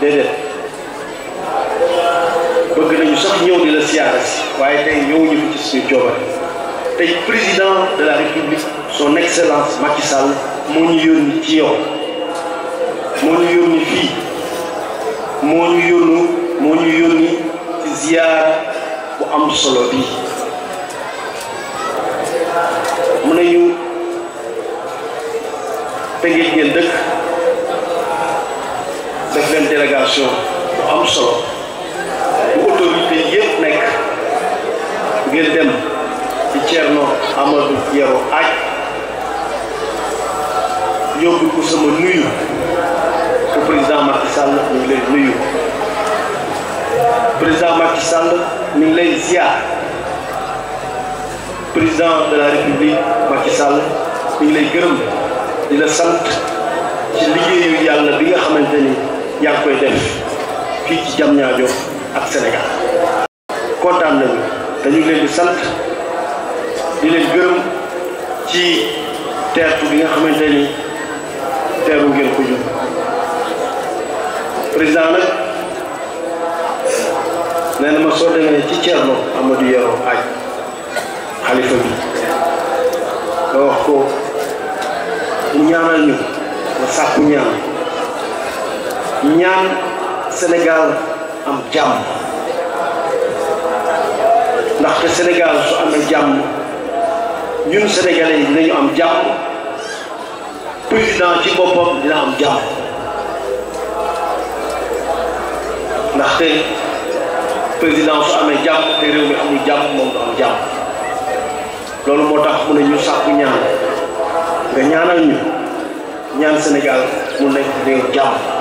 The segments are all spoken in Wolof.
déedéet bëgg nañu sax ñëw di la siyaara si waaye tey ñëwuñu ko ci suñu coobare tey président de la république son excellence Macky moo ñu yónni ci yow moo ñu yónni fii moo ñu yónnu moo ñu yónni ci ziyaara bu am solo bi mu ne ñu tëggee ngeen dëkk délégation bu am solo bu autorité yëpp nekk ngeen dem ci Thierno Amadou Yero Aaj yóbbu ko sama nuyu que président Macky Sall mi ngi lay nuyu président Macky Sall mi ngi lay ziar président de la République Macky Sall mi ngi lay gërëm di la sant ci liggéeyu yàlla bi nga xamante ni. yaa ngi koy def fii ci Diamniadio ak Sénégal kontaan nañu dañu leen di sant di leen gërëm ci teertu bi nga xamante ni teeru ngeen ko ñun président nag nee na ma soo demee ci Thierno Amadou Yero Sénégal am jàmm ndaxte Sénégal su amee jàmm ñun sénégalais yi dinañu am jàmm président ci boppam dina am jàmm ndaxte président su amee jàmm te réew mi amul jàmm moom du am jàmm loolu moo tax mu ne ñu sàkku ñaan nga ñaanal ñu ñaan Sénégal mu nekk réew jàmm.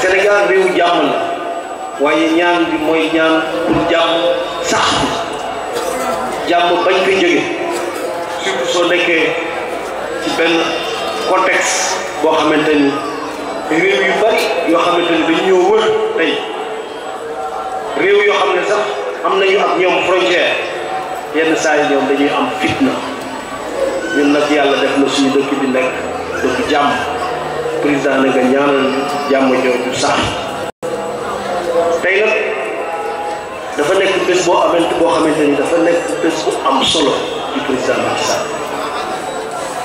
Senegal rew jam la waye ñaan bi moy ñaan pour jam sax jam bañ ko jëgé surtout so nekké ci ben contexte bo xamanteni rew yu bari yo xamanteni dañ ñoo wër tay rew yo xam sax amna nañu ak ñom frontière yenn saay ñom dañuy am fitna ñun nak yalla def na suñu dëkk bi nek dëkk jam président na nga ñaanal jàmm jooju sax tey nag dafa nekk bés boo amante boo xamante ni dafa nekk bés bu am solo ci président Macky Sall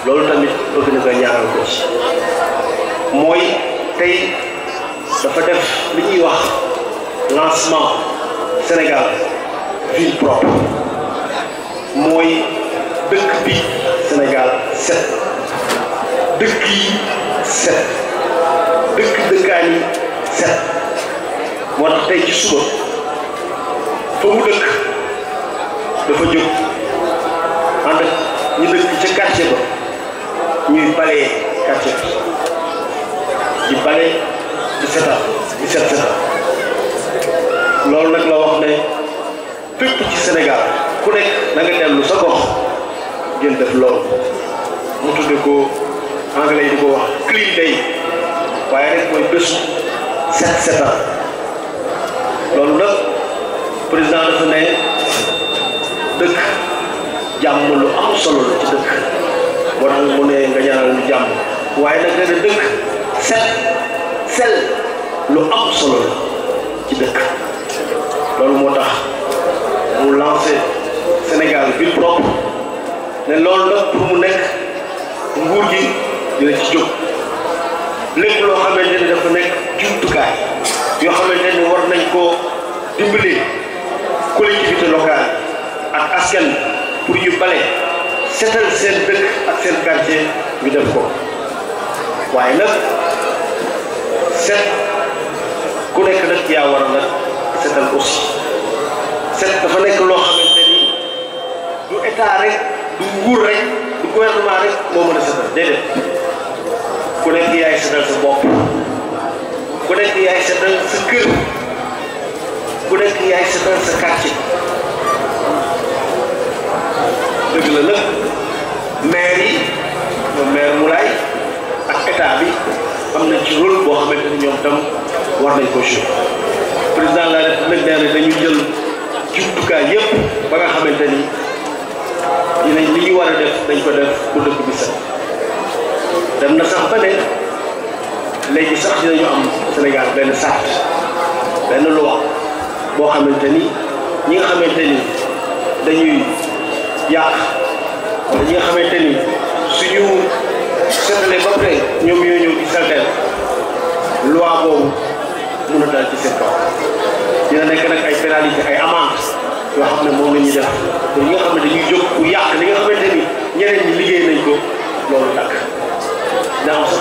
loolu tamit bëgg na nga ñaanal ko si mooy tey dafa def li ñuy wax lancement Sénégal ville propre mooy dëkk bi Sénégal set dëkk yi set dëkk dëkkaan yi set moo tax tey ci suba fa dëkk dafa jóg ànd ñu dëkk ca quartier ba ñuy balee quartier bi di balee di setal di setal loolu nag la wax ne fépp ci Sénégal ku nekk na nga dellu sa gox ngeen def loolu mu tudde ko anglais di ko wax clean day waaye rek mooy bés set setal loolu nag président dafa ne dëkk jàmm lu am ci dëkk moo tax mu waaye nag nee na dëkk set sel lu am ci dëkk loolu moo tax mu lancé Sénégal ville propre ne loolu nag pour mu nekk nguur gi ñoo ci jóg lépp loo xamante ne dafa nekk jumtukaay yoo xamante ne war nañ koo dimbalee collectivité locale ak askan pour yu bale setal seen dëkk ak seen quartier ñu def ko waaye nag set ku nekk nag yaa war nag setal aussi set dafa nekk loo xamante ni du état rek du nguur rek du gouvernement rek moo mën a setal déedéet nekk dia sedang sa bopp dia sedang yaay setal dia sedang ku nekk yaay Mary sa quartier dëgg la nag maire yi moom maire Moulay ak état bi am na ci rôle boo xamante ni ñoom tam war nañ def def dem na sax ba ne léegi sax dinañu am Sénégal benn sart benn loi boo xamante ni ñi nga xamante ni dañuy yàq wala ñi nga xamante ni suñu seetalee ba pare ñoom ñoo ñëw di saltel loi boobu mun a dal ci seen kaw dina nekk nag ay pénalité ay amende yoo xam ne moom la ñuy def te ñi nga xam ne dañuy jóg pour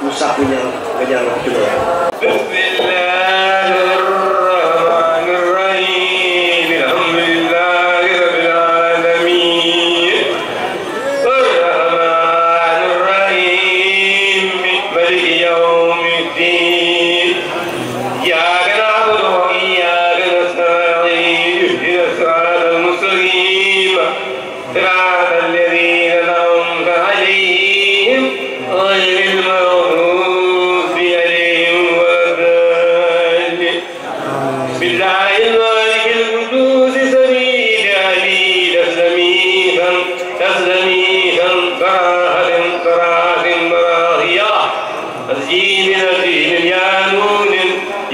Musa punya gejala Yeah.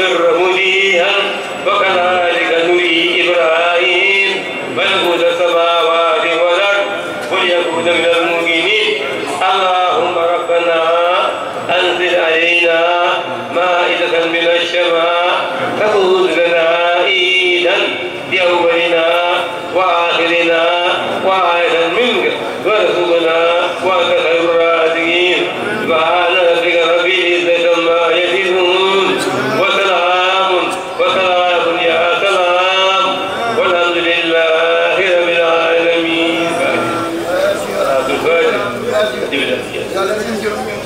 سره ليها وكذلك ربنا أنزل علينا مائدة من السماء تكون لنا عيدا وآخرنا وآية منك وارزقنا وأنت خير Değil benim görmüyorum.